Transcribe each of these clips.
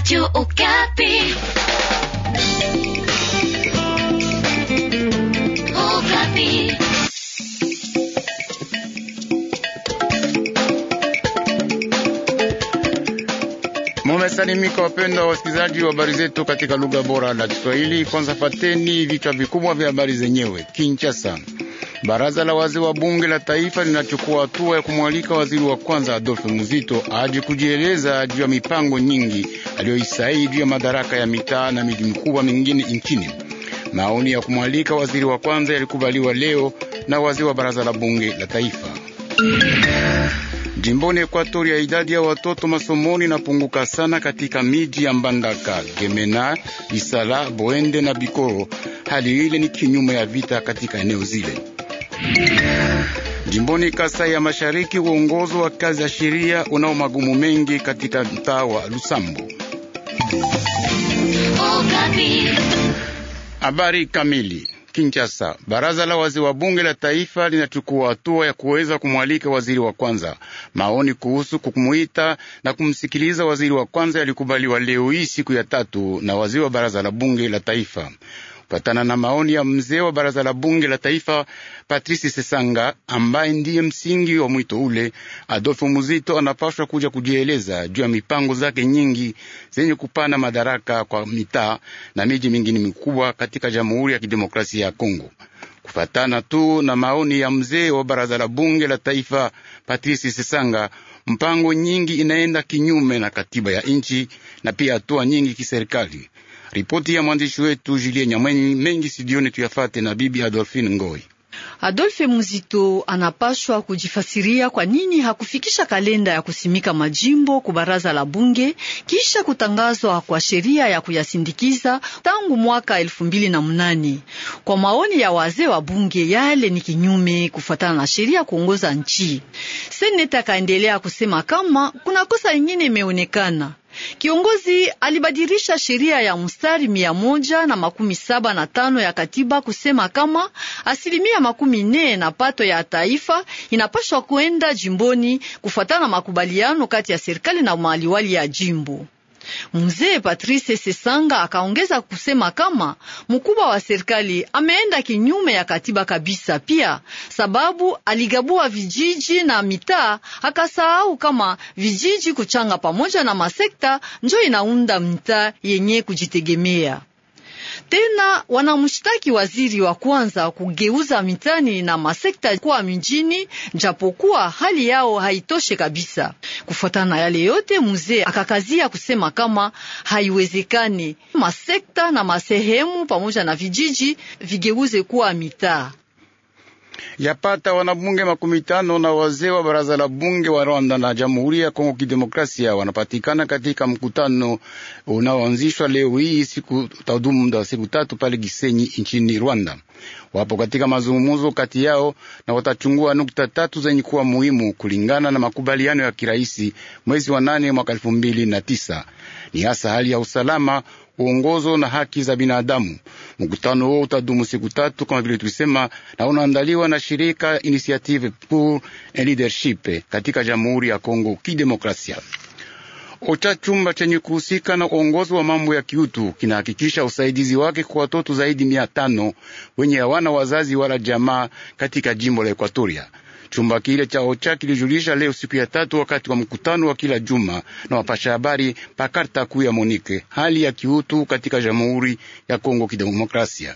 Radio Okapi. Okapi. Mumesalimika wapendwa wasikilizaji wa habari zetu katika lugha bora la Kiswahili. Kwanza pateni vichwa vikubwa vya habari zenyewe. Kinshasa. Baraza la wazee wa bunge la taifa linachukua hatua ya kumwalika waziri wa kwanza Adolfo Muzito aje kujieleza juu ya mipango nyingi aliyoisaini juu ya madaraka ya mitaa na miji mikubwa mingine nchini. Maoni ya kumwalika waziri wa kwanza yalikubaliwa leo na wazee wa baraza la bunge la taifa. Jimboni Ekwatoria, idadi ya watoto masomoni inapunguka sana katika miji ya Mbandaka, Gemena, Isala, Boende na Bikoro. Hali ile ni kinyume ya vita katika eneo zile. Jimboni Kasai ya Mashariki, uongozo wa kazi ya sheria unao magumu mengi katika mtaa wa Lusambo. Habari kamili. Kinshasa, baraza la wazee wa bunge la taifa linachukua hatua ya kuweza kumwalika waziri wa kwanza. Maoni kuhusu kumuita na kumsikiliza waziri wa kwanza yalikubaliwa leo hii siku ya tatu na waziri wa baraza la bunge la taifa kufatana na maoni ya mzee wa baraza la bunge la taifa Patrisi Sesanga, ambaye ndiye msingi wa mwito ule, Adolfo Muzito anapashwa kuja kujieleza juu ya mipango zake nyingi zenye kupana madaraka kwa mitaa na miji mingine mikubwa katika Jamhuri ya Kidemokrasia ya Kongo. Kufatana tu na maoni ya mzee wa baraza la bunge la taifa Patrisi Sesanga, mpango nyingi inaenda kinyume na katiba ya nchi na pia hatua nyingi kiserikali Ripoti ya mwandishi wetu Julien Nyamweni mengi sidioni tuyafate na bibi Adolphine Ngoi. Adolphe Muzito anapashwa kujifasiria kwa nini hakufikisha kalenda ya kusimika majimbo ku baraza la bunge kisha kutangazwa kwa sheria ya kuyasindikiza tangu mwaka elfu mbili na mnane. Kwa maoni ya wazee wa bunge, yale ni kinyume kufuatana na sheria kuongoza nchi. Seneta akaendelea kusema kama kuna kosa ingine imeonekana Kiongozi alibadilisha sheria ya mstari mia moja na makumi saba na tano ya katiba kusema kama asilimia makumi nne na pato ya taifa inapashwa kwenda jimboni kufuatana na makubaliano kati ya serikali na maliwali ya jimbo. Mzee Patrice Sesanga akaongeza kusema kama mkubwa wa serikali ameenda kinyume ya katiba kabisa, pia sababu aligabua vijiji na mitaa, akasahau kama vijiji kuchanga pamoja na masekta njo inaunda mtaa yenye kujitegemea. Tena wanamshtaki waziri wa kwanza kugeuza mitani na masekta kuwa mijini, japokuwa hali yao haitoshe kabisa. Kufuatana na yale yote, mzee akakazia kusema kama haiwezekani masekta na masehemu pamoja na vijiji vigeuze kuwa mitaa yapata wanabunge makumi tano na wazee wa baraza la bunge wa Rwanda na Jamhuri ya Kongo Kidemokrasia wanapatikana katika mkutano unaoanzishwa leo hii siku tadumu muda wa siku tatu pale Gisenyi nchini Rwanda. Wapo katika mazungumzo kati yao na watachungua nukta tatu zenye kuwa muhimu kulingana na makubaliano ya kiraisi mwezi wa nane mwaka elfu mbili na tisa ni hasa hali ya usalama, uongozo na haki za binadamu. Mkutano huo utadumu siku tatu kama vile tulisema, na unaandaliwa na shirika Initiative pour Leadership katika Jamhuri ya Kongo Kidemokrasia. OCHA chumba chenye kuhusika na uongozi wa mambo ya kiutu kinahakikisha usaidizi wake kwa watoto zaidi mia tano wenye hawana wazazi wala jamaa katika jimbo la ekwatoria Chumba kile cha OCHA kilijulisha leo siku ya tatu, wakati wa mkutano wa kila juma na wapasha habari pakarta kuu ya Monike, hali ya kiutu katika Jamhuri ya Kongo Kidemokrasia.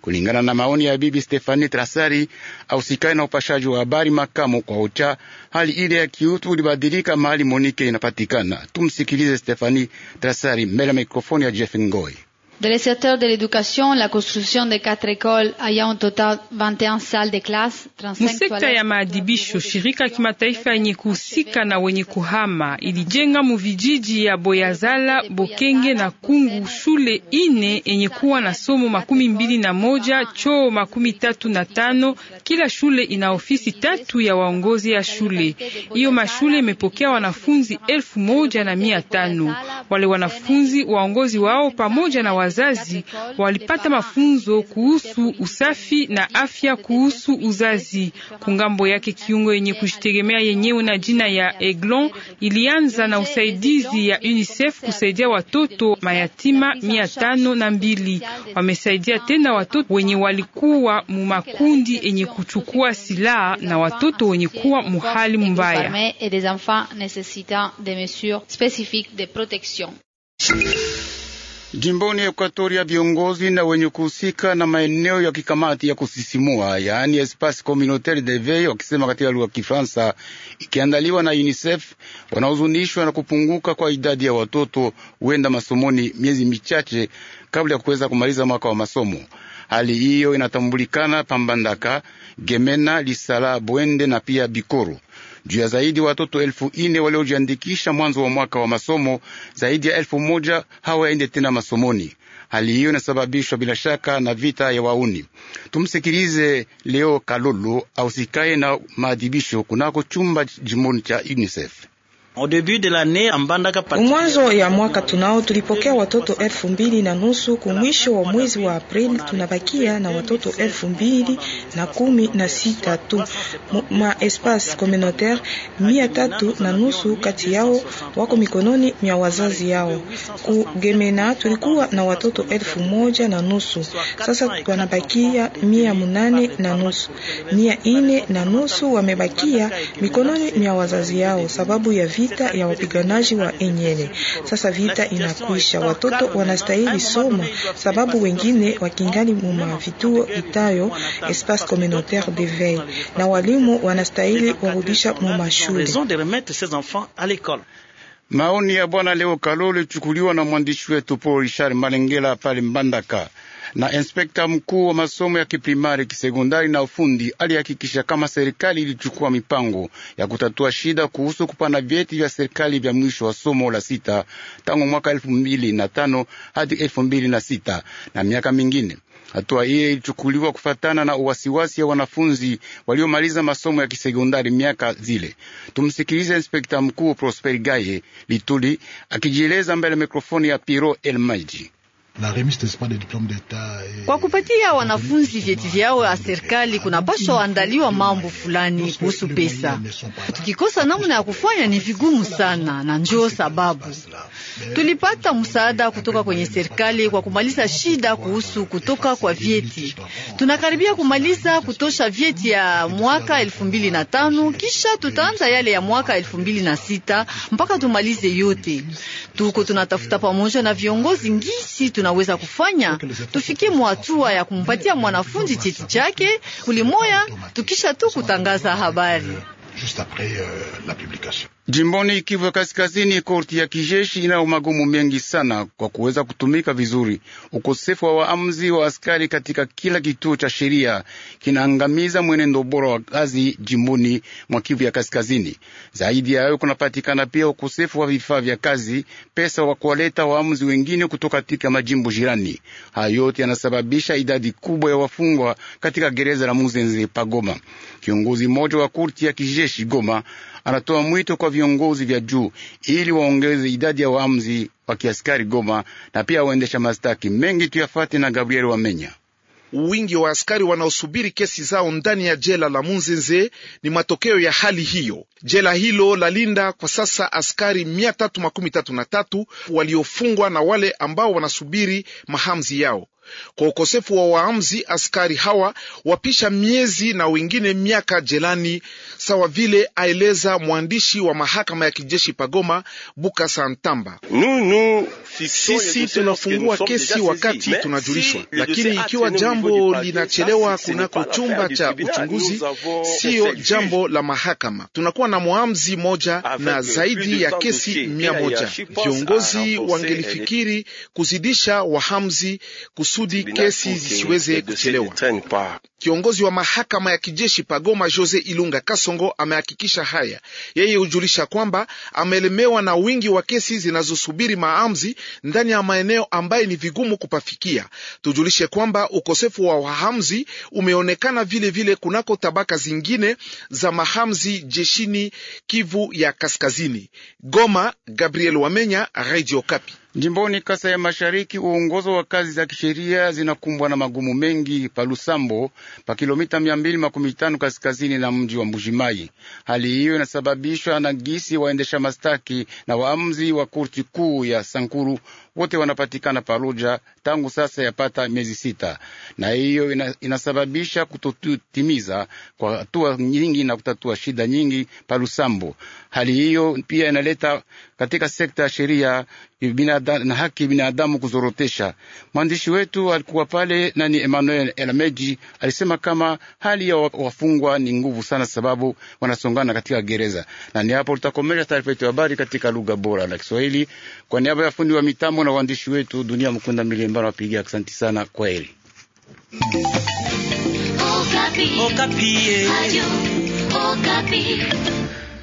Kulingana na maoni ya bibi Stefani Trasari ausikani na upashaji wa habari makamo kwa OCHA, hali ile ya kiutu ulibadilika mahali Monike inapatikana. Tumsikilize Stefani Trasari mbele ya mikrofoni ya Jeff Ngoi. Dans le secteur de l'éducation, la construction de quatre écoles ayant au total 21 salles de classe, 35 Musekta ya maadibisho, shirika kimataifa yenye kuhusika na wenye kuhama ilijenga muvijiji ya Boyazala, Bokenge na Kungu shule ine yenye kuwa na somo makumi mbili na moja, choo makumi tatu na tano. Kila shule ina ofisi tatu ya waongozi ya shule. Hiyo mashule imepokea wanafunzi elfu moja na mia tano. Wale wanafunzi waongozi wao pamoja na wa wazazi walipata mafunzo kuhusu usafi na afya kuhusu uzazi. Kungambo yake kiungo yenye kujitegemea yenyewe na jina ya Eglon ilianza na usaidizi ya UNICEF kusaidia watoto mayatima mia tano na mbili. Wamesaidia tena watoto wenye walikuwa mu makundi yenye kuchukua silaha na watoto wenye kuwa muhali mbaya. Jimboni Ekwatoria, viongozi na wenye kuhusika na maeneo ya kikamati ya kusisimua, yaani espace communautaire de veille, wakisema katika lugha ya Kifaransa, ikiandaliwa na UNICEF, wanaozunishwa na kupunguka kwa idadi ya watoto huenda masomoni miezi michache kabla ya kuweza kumaliza mwaka wa masomo. Hali hiyo inatambulikana Pambandaka, Gemena, Lisala, Bwende na pia Bikoro juu ya zaidi watoto elfu ine waliojiandikisha mwanzo wa mwaka wa masomo, zaidi ya elfu moja hawaende tena masomoni. Hali hiyo inasababishwa bila shaka na vita ya wauni. Tumsikilize leo Kalulu ausikaye na maadhibisho kunako chumba jimoni cha UNICEF. Mwanzo ya mwaka tunao tulipokea watoto elfu mbili na nusu kumwisho wa mwezi wa Aprili tunabakia na watoto elfu mbili na kumi na sita tu. Ma espace communautaire mia tatu na nusu kati yao wako mikononi mwa wazazi yao. Kugemena tulikuwa na watoto elfu moja na nusu, sasa wanabakia mia munane na nusu. Mia ine na nusu wamebakia mikononi mwa wazazi yao sababu ya vi vita ya wapiganaji wa enyele. Sasa vita inakwisha, watoto wanastahili soma, sababu wengine wakingali muma vituo itayo espace communautaire de veille, na walimu wanastahili warudisha muma shule. Maoni ya bwana Leo Kalole chukuliwa na mwandishi wetu Paul Richard Malengela pale Mbandaka na inspekta mkuu wa masomo ya kiprimari, kisekondari na ufundi alihakikisha kama serikali ilichukua mipango ya kutatua shida kuhusu kupana vyeti vya serikali vya mwisho wa somo la sita tangu mwaka elfu mbili na tano hadi elfu mbili na sita na miaka mingine. Hatua hiyo ilichukuliwa kufatana na uwasiwasi ya wanafunzi waliomaliza masomo ya kisekondari miaka zile. Tumsikilize Inspekta Mkuu Prosper Gaye Lituli akijieleza mbele ya mikrofoni ya Piro Elmaji. Kwa kupatia wanafunzi vyeti vyao ya serikali kunapaswa waandaliwa mambo fulani kuhusu pesa. Tukikosa namna ya kufanya ni vigumu sana, na njoo sababu tulipata msaada kutoka kwenye serikali kwa kumaliza shida kuhusu kutoka kwa vyeti. Tunakaribia kumaliza kutosha vyeti ya mwaka elfu mbili na tano kisha tutaanza yale ya mwaka elfu mbili na sita mpaka tumalize yote. Tuko tunatafuta pamoja na viongozi ngisi tunaweza kufanya tufikie mwatua ya kumpatia mwanafunzi cheti chake kulimoya, tukisha tu kutangaza habari. Jimboni Kivu ya Kaskazini, korti ya kijeshi inayo magumu mengi sana kwa kuweza kutumika vizuri. Ukosefu wa waamuzi wa askari katika kila kituo cha sheria kinaangamiza mwenendo bora wa kazi jimboni mwa Kivu ya Kaskazini. Zaidi ya hayo, kunapatikana pia ukosefu wa vifaa vya kazi, pesa wa kuwaleta waamuzi wengine kutoka katika majimbo jirani. Hayo yote yanasababisha idadi kubwa ya wafungwa katika gereza la Muzenze pa Goma. Kiongozi mmoja wa korti ya kijeshi Goma anatoa mwito kwa viongozi vya juu ili waongeze idadi ya waamzi wa kiaskari Goma na pia waendesha mastaki mengi. Tuyafate na Gabriel Wamenya. Wingi wa askari wanaosubiri kesi zao ndani ya jela la Munzenze ni matokeo ya hali hiyo. Jela hilo lalinda kwa sasa askari mia waliofungwa na wale ambao wanasubiri mahamzi yao. Kwa ukosefu wa waamzi askari hawa wapisha miezi na wengine miaka jelani, sawa vile aeleza mwandishi wa mahakama ya kijeshi Pagoma buka santamba Sisi tunafungua kesi wakati tunajulishwa, lakini ikiwa jambo linachelewa kunako chumba cha uchunguzi, siyo jambo la mahakama. Tunakuwa na mwamzi moja na zaidi ya kesi mia moja. Viongozi wangelifikiri kuzidisha wahamzi kus kusudi kesi zisiweze kuchelewa. Kiongozi wa mahakama ya kijeshi Pagoma Jose Ilunga Kasongo amehakikisha haya. Yeye hujulisha kwamba ameelemewa na wingi wa kesi zinazosubiri maamzi ndani ya maeneo ambaye ni vigumu kupafikia. Tujulishe kwamba ukosefu wa wahamzi umeonekana vilevile vile kunako tabaka zingine za mahamzi jeshini Kivu ya Kaskazini. Goma, Gabriel Wamenya, Radio Kapi. Jimboni Kasa ya Mashariki, uongozo wa kazi za kisheria zinakumbwa na magumu mengi pa Lusambo, pa kilomita mia mbili makumi tano kaskazini na mji wa Mbujimai. Hali hiyo inasababishwa na gisi waendesha mastaki na waamzi wa kurti kuu ya Sankuru wote wanapatikana Paruja tangu sasa yapata miezi sita, na hiyo ina, inasababisha kutotimiza kwa hatua nyingi na kutatua shida nyingi pa Lusambo. Hali hiyo pia inaleta katika sekta ya sheria na haki binadamu kuzorotesha. Mwandishi wetu alikuwa pale nani, Emmanuel Elameji alisema kama hali ya wafungwa ni nguvu sana, sababu wanasongana katika gereza. Na ni hapo tutakomesha taarifa yetu ya habari katika lugha bora la Kiswahili. Kwa niaba ya fundi wa mitambo na waandishi wetu, Dunia Mkunda Milimbana wapiga asanti sana, kwa heri. Okapi. Oh, Okapi. Oh, eh.